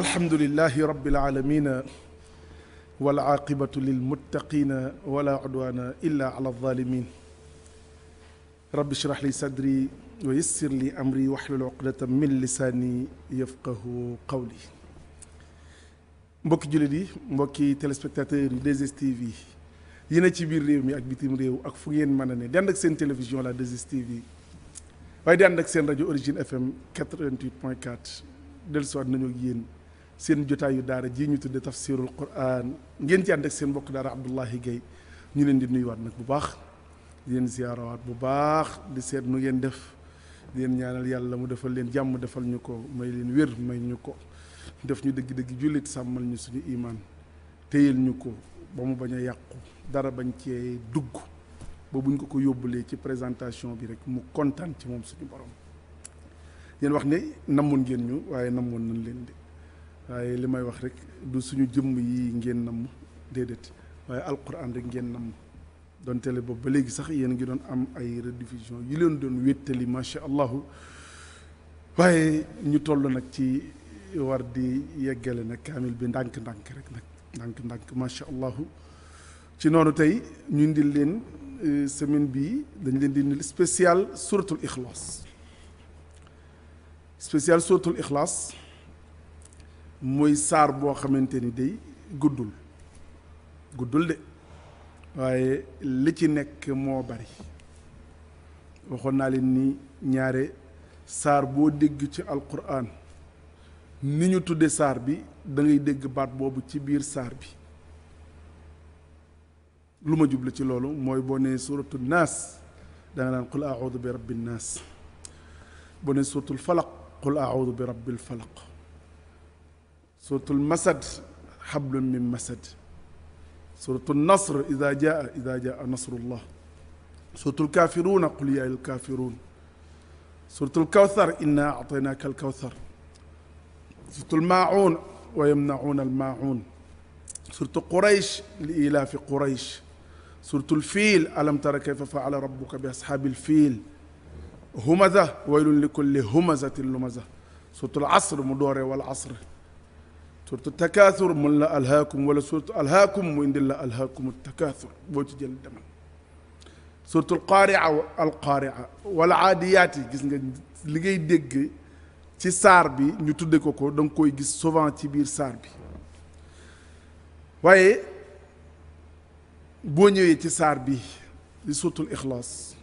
alhamdulilahi rabbil aalamiina wal aaqibatu lil muttaqiina wala udwaana illaa ala zaalimiin rabbi shrah li sadri wa yassir li amri wahlul uqdatan min lisaani yafqahu qawli mbokki jullit yi mbokki téléspectateurs yi 2STV yi yi na ci biir réew mi ak bitim réew ak fu ngeen mën a ne di ànd ak seen télévision la 2STV yi waaye di ànd ak seen rajo origine FM 88 point 4 dellusiwaat nañu ak yéen seen jotaayu daara jii ñu tudde tafsirul quran ngeen ci ànd ak seen mbokk daara Abdoulahi Gaye ñu leen di nuyuwaat nag bu baax di leen ziyaarawaat bu baax di seet nu ngeen def di leen ñaanal yàlla mu defal leen jàmm defal ñu ko may leen wér may ñu ko. def ñu dëgg-dëgg jullit sàmmal ñu suñu imaan téyel ñu ko ba mu bañ a yàqu dara bañ cee dugg ba buñ ko ko yóbbulee ci présentation bi rek mu kontaan ci moom suñu borom yéen wax ne namoon ngeen ñu waaye namoon nañ leen de waaye li may wax rek du suñu jëmm yi ngeen namm déedéet waaye alquran rek ngeen namm doon télé boobu ba léegi sax yéen ngi doon am ay rediffusion yu leen doon wéttali macha allahu waaye ñu toll nag ci war di yeggale nag kaamil bi ndànk-ndànk rek nag ndànk-ndànk macha allahu ci noonu tey ñu ndi leen euh, semaine bii dañ leen di indil spécial suratul ixlaas spécial suratul ixlaas muy saar boo xamante ni day guddul guddul de waaye li ci nekk moo bari waxoon naa leen ni ñaare saar boo dégg ci alquran ni ñu tudde saar bi da dégg baat boobu ci biir saar bi lu ma jublu ci loolu mooy boo nee suratu naas da nga naan qul audu bi rabbi naas boo nee suratul falaq qul audu bi rabbil falaq suratul masad xablun min masad suratul nasr ida jaa ida jaa nasrullah suratul kaafiruuna qul yaa lil kaafiruun suratul kawthar inna ataynaaka al kawthar surtout almaaun wa yamnauna almaaun surtout quraysh li ilaafi quraysh surtout alfiil alam tara kayfa faala rabuka bi ashaabi alfiil humaza waylun li kulli humazatin lumaza surtout alasr mu dooree wal asr surtout takaasur mun la alhaakum wala surtout alhaakum mu indil la alhaakum takaasur boo ci jël demal surtout alqaaria alqaaria wala aadiyaat yi gis nga li ngay dégg ci saar bi ñu tuddee ko ko danga koy gis souvent ci biir saar bi waaye boo ñëwee ci saar bi li suutul ixlaas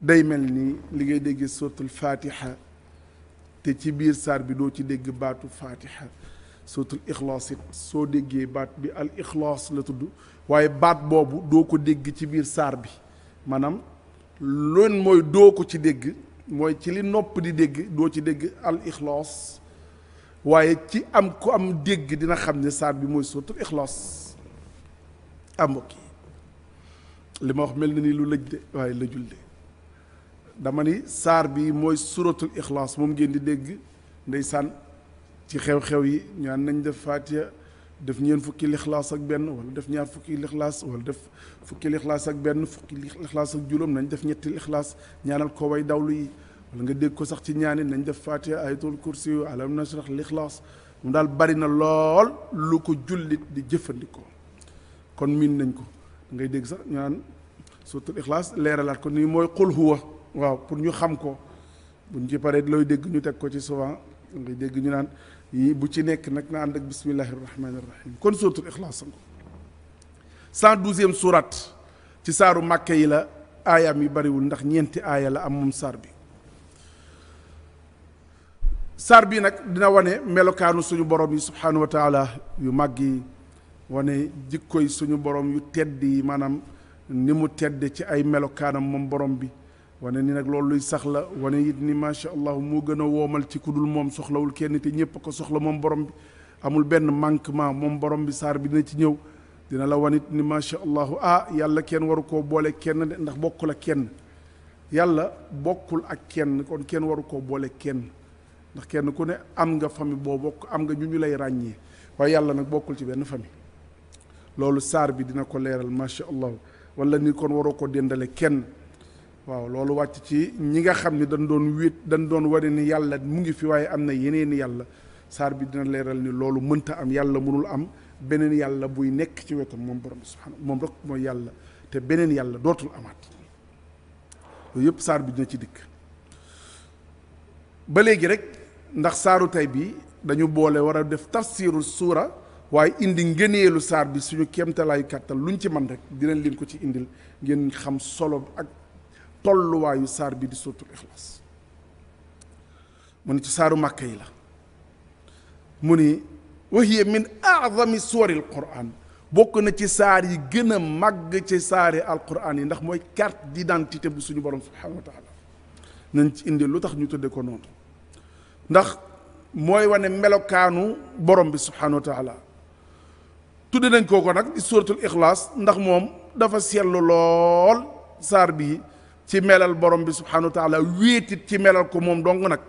day mel ni li ngay dégg suutul faatiha te ci biir saar bi doo ci dégg baatu faatiha suutul ixlaas it soo déggee baat bi al ixlaas la tudd waaye baat boobu doo ko dégg ci biir saar bi maanaam loon mooy doo ko ci dégg mooy ci li nopp di dégg doo ci dégg al ixlaas waaye ci am ku am dégg dina xam ne saar bi mooy suuratul ixlaas am ah, mbokk yi li ma wax mel na ni lu lëj de waaye lëjul de dama ni saar bi mooy suuratul ixlaas moom ngeen di dégg ndeysaan ci xew-xew yi ñaan nañ def faatiha def ñeent fukki lixlaas ak benn wala def ñaar fukki lixlaas wala def fukki lixlaas ak benn fukki lixlaas ak juróom nañ def ñetti lixlaas ñaanal ko way dawlu yi wala nga dégg ko sax ci ñaani nañ def fatiha ayatul kursi yu alam nashrah lixlaas mu daal bari na lool lu ko jullit di jëfandikoo kon miin nañ ko ngay dégg sax ñu naan suuratul ixlaas leeralaat ko nii mooy qul waaw pour ñu xam ko buñ ci paree looy dégg ñu teg ko ci souvent ngay dégg ñu naan yii bu ci nekk nag na ànd ak bismillahi rahmaani rahim kon suratul ixlaas ango cent douzième surat ci saaru màkke yi la aayam yi bariwul ndax ñeenti aaya la am moom saar bi saar bi nag dina wane melokaanu suñu borom yi subhaanahu wa yu mag yi wane yi suñu borom yu tedd yi maanaam ni mu tedd ci ay melokaanam moom borom bi wane ni nag loolu luy sax la wane it ni macha allah moo gën a woomal ci ku dul moom soxlawul kenn te ñëpp ko soxla moom borom bi amul benn manquement moom borom bi saar bi dina ci ñëw dina la wanit ni macha allah ah yàlla kenn waru koo boole kenn de ndax bokkul ak kenn yàlla bokkul ak kenn kon kenn waru koo boole kenn ndax kenn ku ne am nga famille boo bokk am ñu ñu lay ràññee waaye yàlla nag bokkul ci benn famille loolu saar bi dina ko leeral macha allah walla ni kon waroo ko dendale kenn. waaw loolu wàcc ci ñi nga xam ni dañ doon wéet dañ doon wane ni yàlla mu ngi fi waaye am na yeneen yàlla saar bi dina leeral ni loolu mënta am yàlla mënul am beneen yàlla buy nekk ci wetam moom borom subhaana moom rek mooy yàlla te beneen yàlla dootul amaat loolu yëpp saar bi dina ci dikk ba léegi rek ndax saaru tey bi dañu boole war a def tafsiru suura waaye indi ngëneelu saar bi suñu kéemtalaayu lu ñu ci man rek dinañ leen ko ci indil ngeen solo ak tolluwaayu saar bi di suratul ixlaas mu ni ci saaru màkk yi la mu ni wa hiya min aazami suwaril quraan bokk na ci saar yi gën a màgg ci saari alquran yi ndax mooy carte d'identité bi suñu borom subhanahu wa nañ ci indi lu tax ñu tudde ko noonu ndax mooy wane melokaanu borom bi subhanahu wa tudde nañ kooko nag di suratul ixlaas ndax moom dafa sellu lool saar bii ci melal borom bi subhanahu wa wéetit ci melal ko moom dong nag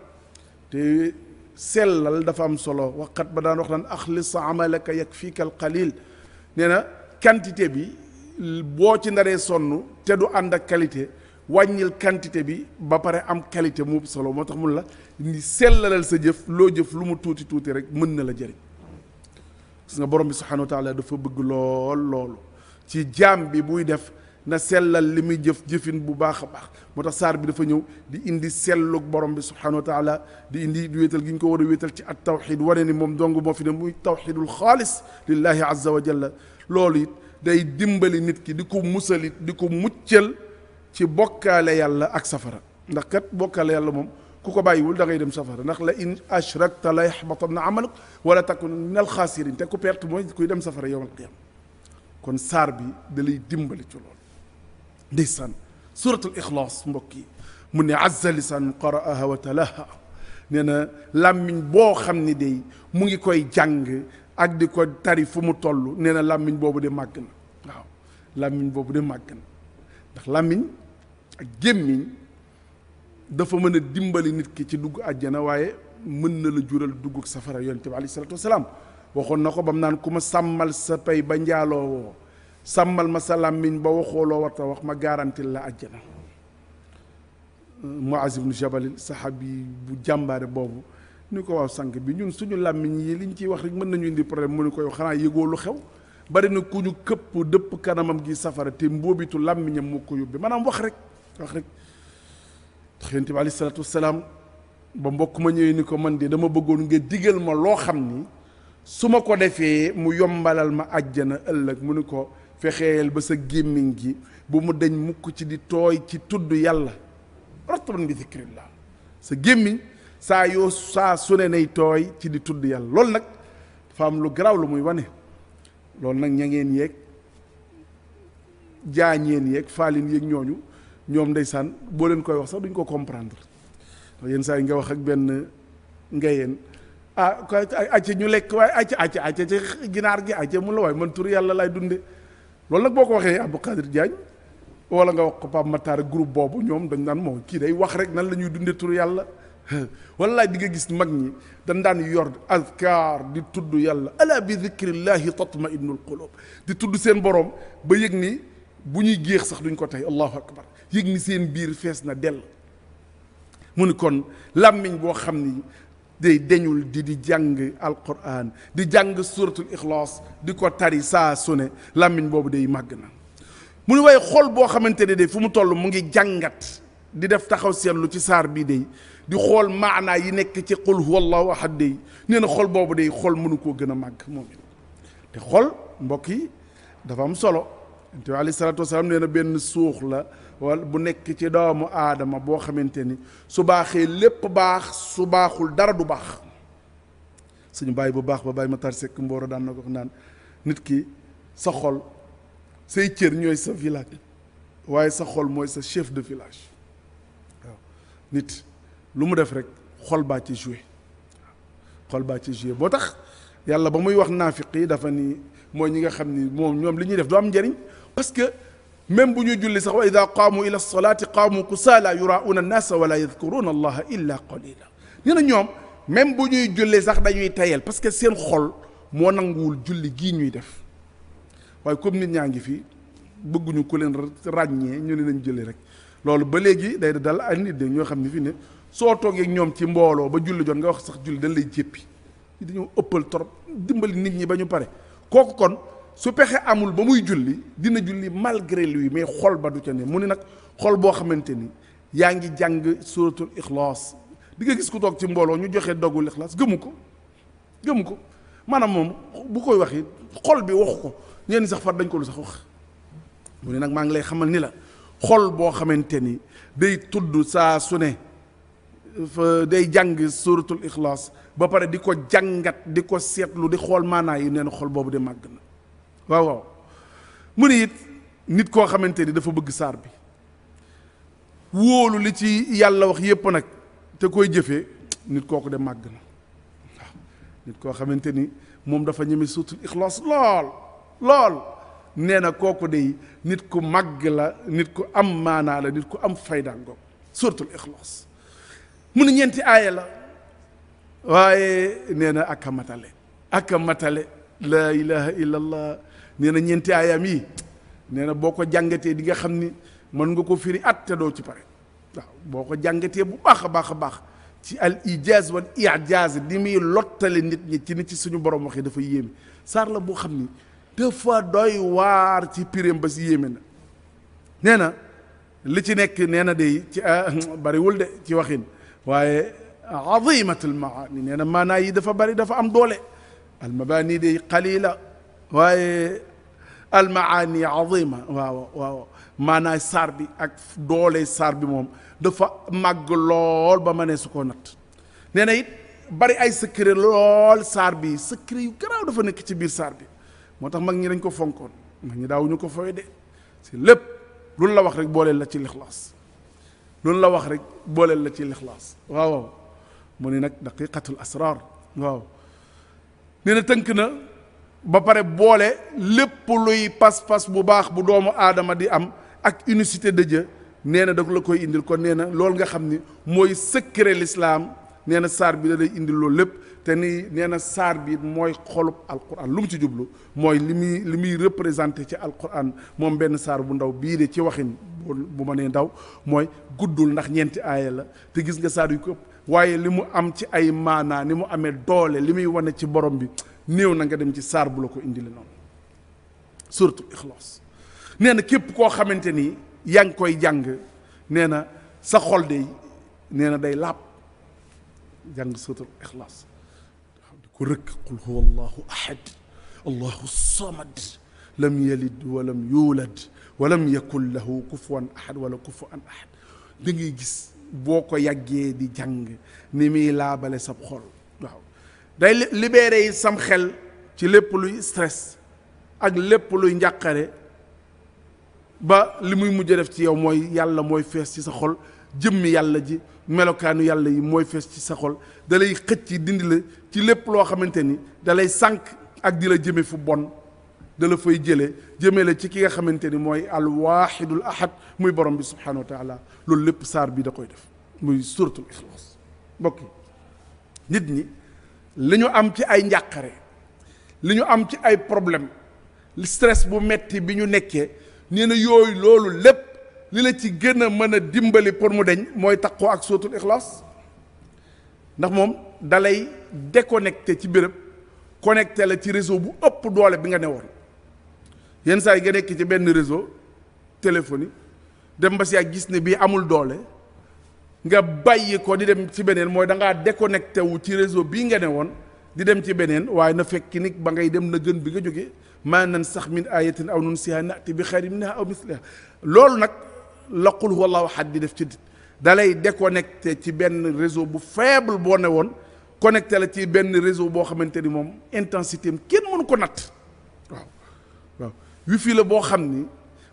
te sellal dafa am solo waxat ba daan wax naan axlis amalaka yakfika fii qalil nee na quantité bi boo ci ndaree sonn te du ànd ak qualité wàññil quantité bi ba pare am qualité mu solo moo tax mun la ni sellalal sa jëf loo jëf lu mu tuuti tuuti rek mën na la jëriñ gis nga borom bi subhanahu wa dafa bëgg lool loolu ci jaam bi buy def na sellal li muy jëf jëfin bu baax a baax moo tax saar bi dafa ñëw di indi sellug borom bi subhanahu wa di indi wéetal gi ñu ko war a wéetal ci at tawxid wane ni moom dong moo fi ne muy tawxidul xaalis lillahi azza wa jalla loolu it day dimbali nit ki di ko musalit di ko muccal ci bokkaale yàlla ak safara ndax kat bokkaale yàlla moom ku ko bàyyiwul da ngay dem safara ndax la in ashrakta la yaxbatanna amaluk wala takun min alxaasirin te ku perte mooy kuy dem safara yowm kon saar bi da dimbali ci ndeysaan suratul ixlaas mbokk yi mu ne azza lisaan qaraaha wa nee na làmmiñ boo xam ne day mu ngi koy jàng ak di ko tari fu mu toll nee na làmmiñ boobu de màgg na waaw làmmiñ boobu de màgg na ndax làmmiñ ak gémmiñ dafa mën a dimbali nit ki ci dugg àjjana waaye mën na la jural dugg safara yonent bi alayhi salaatu wasalaam waxoon na ko ba mu naan ku ma sàmmal sa pay ba njaaloo woo sàmmal ma sa làmmiñ ba waxoo loo warta wax ma garantil la àjjana Muaz ibnu Jabal saxaabi bu jàmbaare boobu ni ko waaw sànq bi ñun suñu làmmiñ yi liñ ciy wax rek mën nañu indi problème mu ne ko yow xanaa lu xew bari na ku ñu dëpp kanamam gi safara te mboobitu làmmiñam moo ko yóbbee maanaam wax rek wax rek tax yonent bi aleyhi salaatu wasalaam ba mbokk ma ñëwee ni ko man de dama bëggoon nga digal ma loo xam ni su ma ko defee mu yombalal ma àjjana ëllëg mu ne ko fexeel ba sa gémmiñ gi bu mu deñ mukk ci di tooy ci tudd yàlla rattaban bi zikrillah sa gémmiñ saa yoo saa su ne nay tooy ci di tudd yàlla loolu nag dafa am lu garaaw lu muy wane loolu nag ña ngeen yeeg jaañeen yéeg faalin yéeg ñooñu ñoom ndey ndeysaan boo leen koy wax sax duñ ko comprendre ndax yenn saa yi nga wax ak benn ngayeen ah acca ñu lekk waaye acca acca acca ci ginaar gi acca mun la waaye man tur yàlla lay dunde loolu nag boo ko waxee Abdou Khadir Diagne wala nga wax ko Pape Matar groupe boobu ñoom dañu naan moom kii day wax rek nan la ñuy dundee turu yàlla wallaay di nga gis mag ñi dañ daan yor azkaar di tudd yàlla ala bi zikrillahi tatma innul qulub di tudd seen borom ba yëg ni bu ñuy géex sax duñu ko tey allahu akbar yëg ni seen biir fees na dell mu ni kon làmmiñ boo xam ni day deñul di di jàng alquran di jàng suratul ixlaas di ko tari saa su ne làmmiñ boobu day màgg na mu ni waaye xol boo xamante ne de fu mu toll mu ngi jàngat di def taxaw seetlu ci saar bii day di xool maanaa yi nekk ci qul huwallahu ahad day nee na xol boobu day xol mënu koo gën a màgg moom it te xol mbokk yi dafa am solo te alayhi salaatu wasalaam nee na benn suux la wala bu nekk ci doomu aadama boo xamante ni su baaxee lépp baax su baaxul dara du baax suñu bàyyi bu baax ba bàyyi ma tar sekk mbooro daan na ko naan nit ki sa xol say cër ñooy sa village waaye sa xol mooy sa chef de village waaw nit lu mu def rek xol baa ci joué xol baa ci joué boo tax yàlla ba muy wax naafiq yi dafa nii mooy ñi nga xam ni moom ñoom li ñuy def du am njariñ parce même bu ñuy julli sax wa ida qaamu ila lsalaati qaamu kusaala yurauna annaasa wala yadkuruna allaha illa qalila nee na ñoom même bu ñuy julli sax dañuy tayal parce que seen xol moo nanguwul julli gii ñuy def waaye comme nit ñaa ngi fi bëgguñu ku leen ràññee ñu ne nañ julli rek loolu ba léegi day dal ay nit de ñoo xam ne fi ne soo toogee ñoom ci mbooloo ba julli jot nga wax sax julli dañ lay jéppi dañoo ëppal trop dimbali nit ñi ba ñu pare kooku kon su pexe amul ba muy julli dina julli malgré lui mais xol ba du ca ne mu ni nag xol boo xamante ni yaa ngi jàng suratul ixlaas di nga gis ku toog ci mbooloo ñu joxe dogul ixlaas gëmu ko gëmu ko maanaam moom bu koy waxit xol bi waxu ko ñenn sax far dañ ko lu sax wax mu ne nag maa ngi lay xamal ni la xol boo xamante ni day tudd saa su ne day jàng suratul ixlaas ba pare di ko jàngat di ko seetlu di xool maanaa yi nee na xol boobu de màgg na waaw waaw mu ne it nit koo xamante ni dafa bëgg saar bi wóolu li ci yàlla wax yépp nag te koy jëfee nit kooku de màgg na waaw nit koo xamante ni moom dafa ñeme suutul ixlaas lool lool nee na kooku de nit ku màgg la nit ku am maanaa la nit ku am faydaangoog suuratul ixlaas mu ne ñeenti aaya la waaye nee na ak matale ak matale laa ilaha illa allah ñeenti aayaam yi nee na boo ko jàngatee di nga xam ni mën nga ko firi at doo ci pare boo ko jàngatee bu baax a baax a baax ci al ijaaz wal ijaaz di muy lottale nit ñi ci nit ci suñu borom waxee dafa yéeme saar la boo xam ni dafa doy waar ci piréem ba si yéeme na nee na li ci nekk nee na day ci ah, bariwul de ci waxin waaye azimatul maani nee na maanaa yi dafa bari dafa am doole almabaani day qalila waaye almaani azima waaw waaw maanaay saar bi ak doole saar bi moom dafa màgg lool ba ma ne su ko natt nee na it bari ay secret lool saar bi secret yu garaaw dafa nekk ci biir saar bi moo tax mag ñi dañ ko fonkoon mag ñi daawuñu ko fooy de si lépp luñ la wax rek booleel la ci lixlaas luñ la wax rekk booleel la ci lixlaas waaw waaw mu ni nag daqiqatul asrar waaw nee na tënk na ba pare boole lépp luy pas-pas bu baax bu doomu aadama di am ak unicité de Dieu nee na da la koy indil kon nee na loolu nga xam ni mooy secret lislaam nee na saar bi da lay indil loolu lépp te ni nee na saar bi mooy xolub alquran lu mu ci jublu mooy li muy li muy représenté ci alquran moom benn saar bu ndaw bii de ci waxin bu ma nee ndaw mooy guddul ndax ñeenti aaya la te gis nga saar yu ko waaye li mu am ci ay maanaa ni mu amee doole li muy wane ci borom bi néew na nga dem ci saar bu la ko indile noonu surtout ixlaas nee na képp koo xamante ni yaa ngi koy jàng nee na sa xol de nee na day laab jàng surtout ixlaas di ko rëkk qul huwa allahu ahad allahu samad lam yalid walam yuulad walam yakun lahu kufuwan ahad wala kufuwan ahad da gis boo ko yàggee di jàng ni muy laabale sab xol waaw day libéré yi sam xel ci lépp luy stress ak lépp luy njàqare ba li muy mujj def ci yow mooy yàlla mooy fees ci sa xol jëmmi yàlla ji melokaanu yàlla yi mooy fees ci sa xol dalay xëcc dindi la ci lépp loo xamante ni dalay sànq ak di la jëme fu bon da la fay jëlee jëmale ci ki nga xamante ni mooy alwaxidul ahad muy borom bi subhanahu wa taala loolu lépp saar bi da koy def muy suratul ixlaas ñi li ñu am ci ay njàqare li ñu am ci ay problème stress bu metti bi ñu nekkee nee na yooyu loolu lépp li la ci gën mën a dimbali pour mu deñ mooy taqoo ak suratul ixlaas ndax moom dalay déconnecté ci béréb connecté la ci réseau bu ëpp doole bi nga newoon yenn saa yi nga nekk ci benn réseau yi dem ba si gis ne bii amul doole nga bàyyi ko di dem ci beneen mooy da ngaa déconnecté wu ci réseau bii nga ne woon di dem ci beneen waaye na fekk ni ba ngay dem na gën bi nga jóge maa nan sax min ayatin aw nunsiha naati bi xayrin minha aw misliha loolu nag la qul huwallahu ahad di def ci dit da lay déconnecté ci benn réseau bu faible boo ne woon connecté la ci benn réseau boo xamante ni moom intensité am kenn ko natt wifi la boo xam ni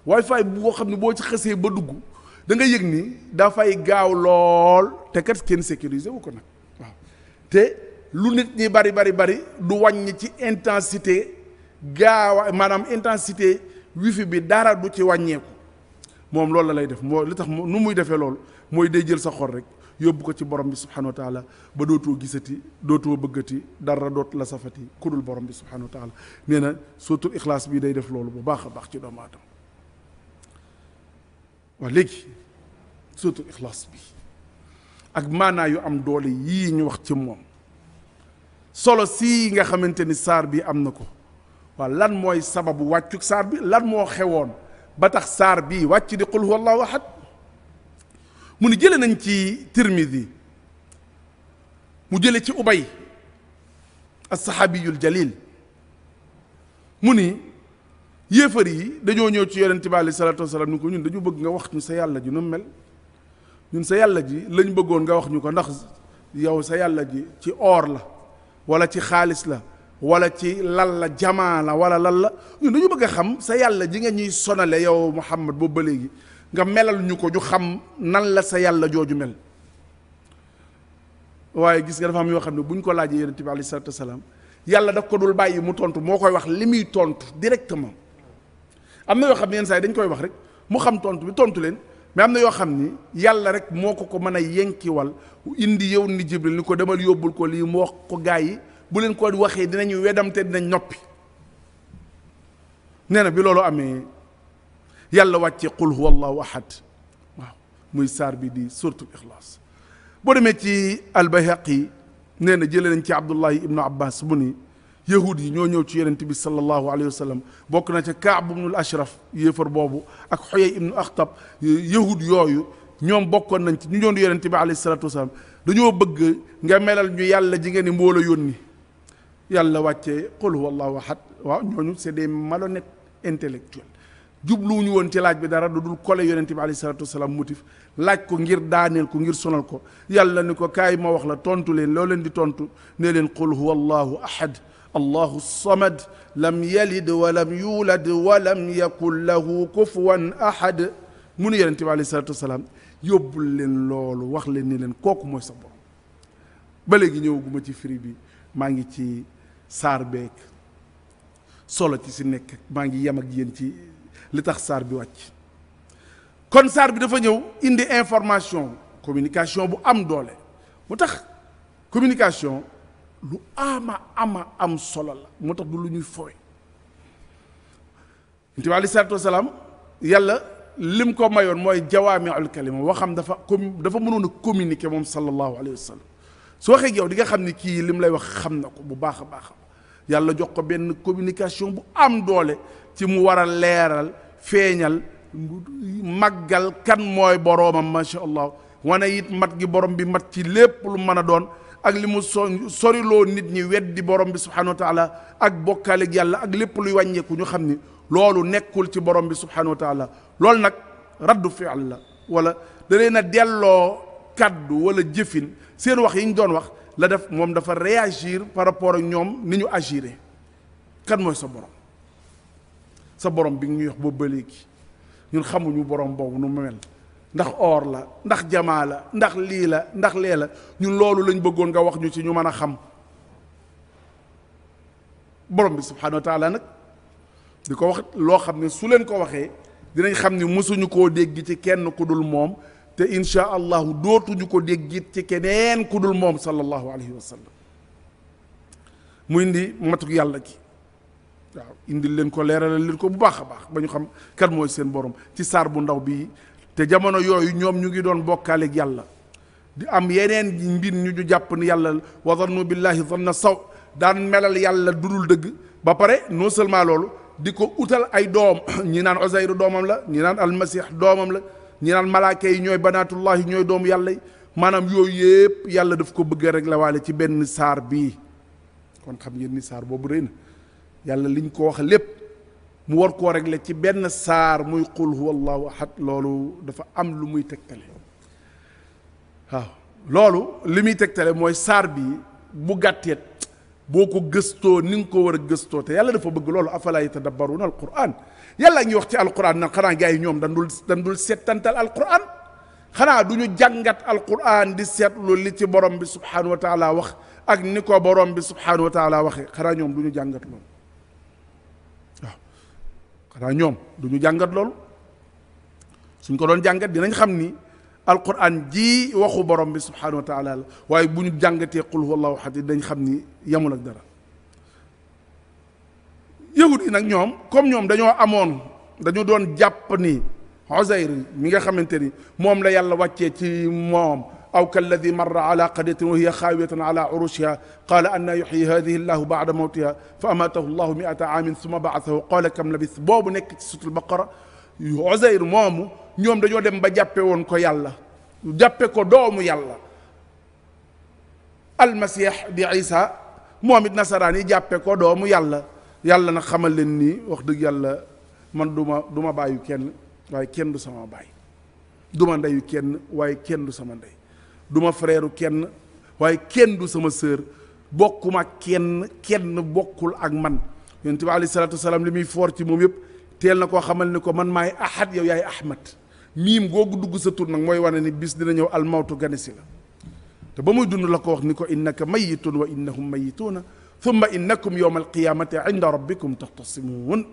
wifi boo xam ni boo ci xësee ba dugg da nga yëg ni dafay gaaw lool te kat kenn sécuriser wu ko nag waaw te lu nit ñi bari bari bari du wàññi ci intensité gaawa maanaam intensité wifi bi dara du ci wàññeeku moom loolu la lay def moo li tax nu muy defee loolu mooy day jël sa xol rek yóbbu ko ci borom bi subhanahu wa taala ba dootoo gisati dootoo bëggati dara doot la safati ku dul borom bi subhanahu wa taala nee na sootul ixlaas bi day def loolu bu baax a baax ci doomu aadama waa léegi sootul ixlaas bi ak maanaa yu am doole yii ñu wax ci moom solo si nga xamante ni saar bi am na ko waa lan mooy sababu wàccuk saar bi lan moo xewoon ba tax saar bii wàcc di qul huwallahu ahad mu ni jële nañ ci tirmidi mu jële ci ubay alsaxaabiyul jalil mu ni yéefar yi dañoo ñëw ci yonente bi alayhi salaatu wasalaam ni ko ñun dañu bëgg nga wax ñu sa yàlla ji nu mel ñun sa yàlla ji lañ bëggoon nga wax ñu ko ndax yow sa yàlla ji ci oor la wala ci xaalis la wala ci lal la jamaa la wala lan la ñun dañu bëgg a xam sa yàlla ji nga ñuy sonale yow Muhammad boobu ba léegi nga melal ñu ko ñu xam nan la sa yàlla jooju mel waaye gis nga dafa am yoo xam ne bu ñu ko laajee yonent bi aleyhi salaatu wa salaam ko dul bàyyi mu tontu moo koy wax li tontu directement am na yoo xam ne yenn saa yi dañ koy wax rek mu xam tontu bi tontu leen mais am na yoo xam ni yàlla rek moo ko ko mën a yenkiwal indi yow ni Jibril ni ko demal yóbbul ko lii mu wax ko gaa yi bu leen ko waxee dinañu weddam te dinañ noppi nee na bi loolu amee yàlla wàcce qul huwa allahu ahad waaw muy saar bi di suratul ixlaas boo demee ci albayhaqi nee na jëlee nañ ci abdullahi ibnu abbas mu ni yahud yi ñoo ñëw ci yonent bi sallallahu alayhi wa bokk na ca kaab ibnul ashraf yéefar boobu ak xoyey ibnu axtab yahud yooyu ñoom bokkoon nañ ci ñu doon yonent bi alayhi salatu wasalaam dañoo bëgg nga melal ñu yàlla ji nga ni moo la yónni yàlla wàccee qul huwa allahu ahad waaw ñooñu c'est des malhonnêtes intellect jubluwuñu woon ci laaj bi dara du dul kole yonent bi alayhi salaatu wasalaam motif laaj ko ngir daaneel ko ngir sonal ko yàlla ni ko kaay ma wax la tontu leen loo leen di tontu ne leen qul huwa allahu ahad allahu samad lam yalid walam yulad walam yakun lahu kufuwan ahad mu nu yonent bi alayhi salaatu wasalaam yóbbul leen loolu wax leen ni leen kooku mooy sa borom ba léegi ñëwaguma ci firi bi maa ngi ci saar beek solo ci si nekk maa ngi yem ak yéen ci li tax saar bi wàcc kon saar bi dafa ñëw indi information communication bu am doole mu tax communication lu ama ama am solo la moo tax du lu ñuy fowe nti bi alei salatu wasalaam yàlla ko mayoon mooy jawaamiul kalima waxam dafa comme dafa mënoon a moom sallallahu alayhi wa sallam su waxee ak yow di nga xam ni kii lim lay wax xam na ko bu baax a baax yàlla jox ko benn communication bu am doole ci mu war a leeral feeñal màggal kan mooy boroomam macha allah wane it mat gi borom bi mat ci lépp lu mën a doon ak li mu so soriloo nit ñi weddi borom bi subhanahu wa taala ak bokkaale yàlla ak lépp luy wàññeeku ñu xam ni loolu nekkul ci borom bi subhanahu wa taala loolu nag raddu fi'l la wala da leen a delloo kàddu wala jëfin seen wax yi ñu doon wax la def moom dafa réagir par rapport ak ñoom ni ñu agire kan mooy sa borom sa borom bi ñuy wax boobu ba léegi ñun xamuñu borom boobu nu mu mel ndax or la ndax jamaa la ndax lii la ndax lee la ñun loolu lañ bëggoon nga wax ñu ci ñu mën a xam borom bi subhanahu wa nag di ko wax loo xam ne su leen ko waxee dinañ xam ne mësuñu koo dégg ci kenn ku dul moom te insha allahu dootuñu ko déggit ci keneen ku dul moom sallallahu alayhi wa sallam muy indi matuk yàlla gi waaw indil leen ko leeralal leen ko bu baax a baax ba ñu xam kan mooy seen borom ci saar bu ndaw bii te jamono yooyu ñoom ñu ngi doon bokkaale yàlla di am yeneen mbir ñu ñu jàpp ni yàlla wa zannu billahi zanna saw daan melal yàlla dudul dëgg ba pare non seulement loolu di ko utal ay doom ñi naan Uzayru doomam la ñi naan almasih doomam la ñi naan malaaka yi ñooy banaatullahi ñooy doomu yàlla yi maanaam yàlla daf ko bëgg rek la waale ci benn saar bii kon xam ngeen ni saar boobu rëy na yàlla liñ ko wax lépp mu war koo régler ci benn saar muy qul huwa allahu ahad loolu dafa am lu muy tegtale waaw loolu li muy tegtale mooy saar bi bu gàtteet boo ko gëstoo ni nga ko war a gëstoo te yàlla dafa bëgg loolu afala yatadabbaruuna alquran yàlla ngi wax ci alquran nag xanaa gars yi ñoom dandul dul dan dul settantal alquran xanaa du ñu jàngat alquran di seetlu li ci borom bi subhanahu wa wax ak ni ko borom bi subhanahu wa taala waxee xanaa ñoom du ñu jàngat xanaa ñoom du ñu jàngat loolu suñ ko doon jàngat dinañ xam ni alquran ji waxu borom bi subhanahu wa waaye bu ñu jàngatee qul huwallahu ahad dañ xam ni yemul ak dara yahud yi nag ñoom comme ñoom dañoo amoon dañu doon jàpp ni Uzayr mi nga xamante ni moom la yàlla wàccee ci moom aw kalladi marra ala qaryatin wa hiya xaawiyatan ala urushiha qaala annaa yuxyi hadihi llahu bada mawtiha fa amaatahu llahu miata aamin summa baasahu qaala kam labis boobu nekk ci sutul baqara Uzayr moomu ñoom dañoo dem ba jàppe woon ko yàlla jàppe ko doomu yàlla almasih di isa moom it nasaraan yi jàppe ko doomu yàlla yàlla na xamal leen nii wax dëgg yàlla man du ma du ma bàyyu kenn waaye kenn du sama bàyyi du ma ndeyu kenn waaye kenn du sama ndey du ma frère kenn waaye kenn du sama sœur bokkuma kenn kenn bokkul ak man yonent bi aleyhi salaatu wasalaam li muy foor ci moom yëpp teel na koo xamal ni ko man maay ahad yow yaay ahmad miim googu dugg sa tur nag mooy wane ni bis dina ñëw almawtu ganesi la te ba muy dund la ko wax ni ko innaka mayitun wa innahum mayituuna thumma innakum yowma alqiyamati inda rabbikum taxtasimuun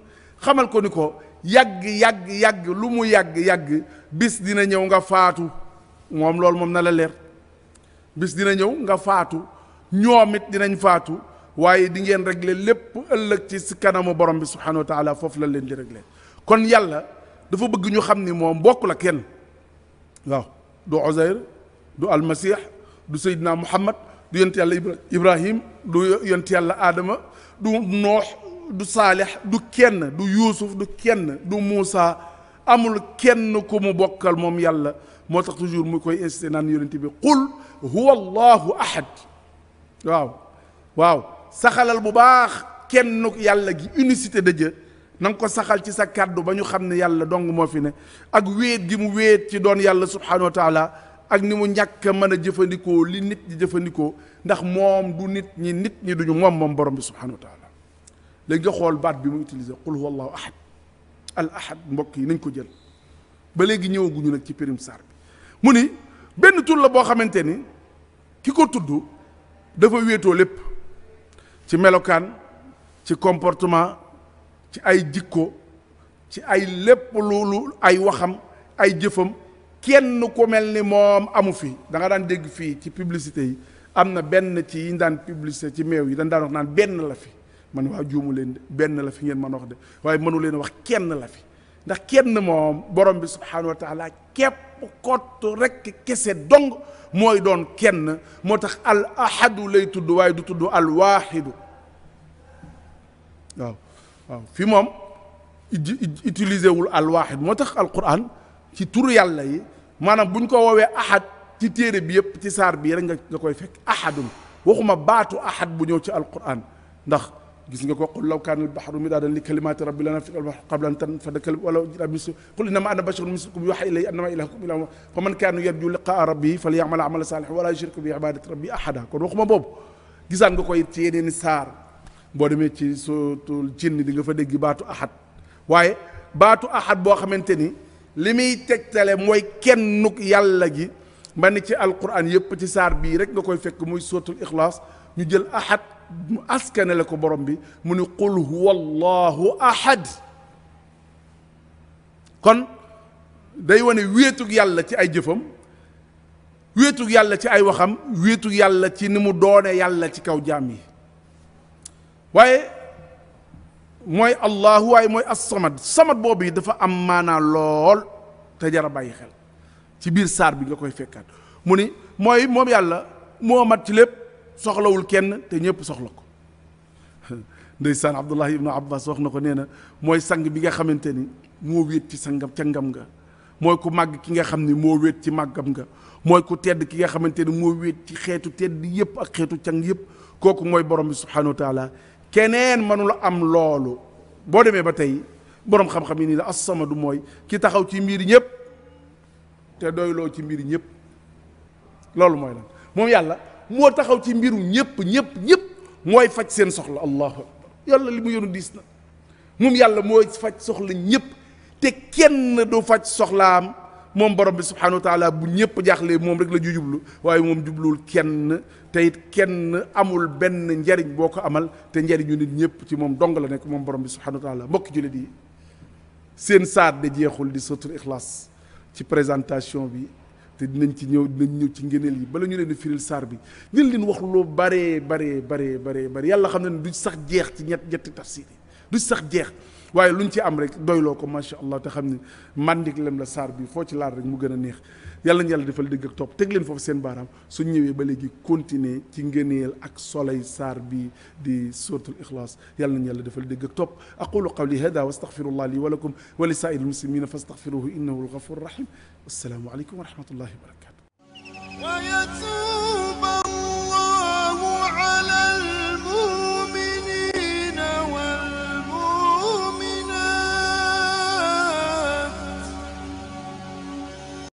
xamal ko ni ko yàgg yàgg yàgg lu mu yàgg yàgg bis dina ñëw nga faatu moom loolu moom na la leer bis dina ñëw nga faatu ñoom dinañ faatu waaye di ngeen régler lépp ëllëg ci si kanamu borom bi subhanahu wa foofu la leen di régler kon yàlla dafa bëgg ñu xam ni moom bokk la kenn waaw du Uzair du almasih du Seydina Muhammad du yent yàlla Ibrahim du yent yàlla Adama du Noox du Saalix du kenn du Yuusuf du kenn du Muusa amul kenn ku mu bokkal moom yàlla moo tax toujours mu koy insisté naan yonent bi qul huwa allahu ahad waaw waaw saxalal bu baax kenn yàlla gi unicité da Dieu nang ko saxal ci sa kàddu ba ñu xam ne yàlla dong moo fi ne ak wéet gi mu wéet ci doon yàlla subhanahu wa ak ni mu ñàkk a mën a jëfandikoo li nit ñi jëfandikoo ndax moom du nit ñi nit ñi duñu moom moom borom bi subhanahu wa taala léegi nga xool baat bi mu utilisé qul huwa allahu ahad al ahad mbokk yi nañ ko jël ba léegi ñëwaguñu nag ci pirim saar bi mu ni benn tur la boo xamante ni ki ko tudd dafa wéetoo lépp ci melokaan ci comportement ci ay jikko ci ay lépp loolu ay waxam ay jëfam kenn ko mel ni moom amu fi danga daan dégg fii ci publicité yi am na benn ci yiñ daan publicité ci meew yi dañ daan wax naan benn la fi man waa juumu leen de benn la fi ngeen mën a wax de waaye mënu leen wax kenn la fi ndax kenn moom borom bi subhaanahu wa kepp képp kott rekk kese dong mooy doon kenn moo tax al ahadu lay tudd waaye du tudd al waahidu waaw waaw moom utilisé wul al waahid moo tax al ci turu yàlla yi maanaam bu ko woowee ahad ci téere bi yëpp ci saar bi rek nga nga koy fekk ahadun waxuma baatu ahad bu ñëw ci al quran ndax gis nga ko qul law kaana al-bahru midaadan li kalimaati rabbi lanafida al-bahru qabla an tanfada kalimatu walaw ji'na bi-mislihi qul innamaa ana basharun mislukum yuuhaa ilayya annamaa ilaahukum ilaahun waahid faman kaana yarjuu liqaa'a rabbihi falya'mal 'amalan saalihan wa bi 'ibaadati rabbihi ahadan boobu gisaan nga koy ci yeneen saar boo demee ci suuratul jinn li nga fa dégg baatu ahad waaye baatu ahad boo xamante ni li muy tegtale mooy kennuk yàlla gi ma ni ci alquran yëpp ci saar bii rek nga koy fekk muy suuratul ixlaas ñu jël ahad mu askane la ko borom bi mu ni qul huwa allahu ahad kon day wane wéetug yàlla ci ay jëfam wéetug yàlla ci ay waxam wéetug yàlla ci ni mu doone yàlla ci kaw jaam yi waaye mooy allahu waaye mooy as-samad boobu yi dafa am maanaa lool te jar a xel ci biir saar bi nga koy fekkaat mu ni mooy moom yàlla moo mat ci lépp soxlawul kenn te ñëpp soxla ko ndeysaan Abdullahi ibnu Abbas wax na ko nee na mooy sang bi nga xamante ni moo wéet ci sangam ca nga mooy ku màgg ki nga xam ni moo wéet ci màggam nga mooy ku tedd ki nga xamante ni moo wéet ci xeetu tedd yëpp ak xeetu cang yëpp kooku mooy borom bi subhanahu wa taala keneen mënula am loolu boo demee ba tey borom xam-xam yi nii la assamadu mooy ki taxaw ci mbir ñëpp te doyloo ci mbir ñëpp loolu mooy lan moom yàlla moo taxaw ci mbirum ñëpp ñëpp ñëpp mooy faj seen soxla allahu akbar yàlla li mu yonu diis na moom yàlla mooy faj soxla ñëpp te kenn du faj soxlaam moom borom bi subhanahu wa bu ñëpp jaaxlee moom rek la ju jublu waaye moom jubluwul kenn te it kenn amul benn njariñ boo ko amal te njariñu nit ñëpp ci moom dong la nekk moom borom bi subhanahu wa taala mbokki jullit yi seen saat de jeexul di sotul ixlaas ci présentation bi te dinañ ci ñëw dinañ ñëw ci ngëneel yi bala ñu leen di firil saar bi ñu leen wax loo baree baree baree baree yàlla xam ne du sax jeex ci ñett ñetti tafsir yi du sax jeex waaye lu ñu ci am rek doyloo ko macha allah te xam ni màndik lem la saar bi foo ci laal rek mu gën a neex yàlla na yàlla defal dëgg ak topp teg leen foofu seen baaraam su ñëwee ba léegi continuer ci ngëneel ak soleil saar bi di suratul ixlaas yàlla na yàlla defal dëgg ak topp aqulu li hada wa astaghfirullah li wa lakum wa li saa'iril muslimina fastaghfiruhu innahu al-ghafurur rahim assalaamu aleykum wa rahmatullahi wa barakatuh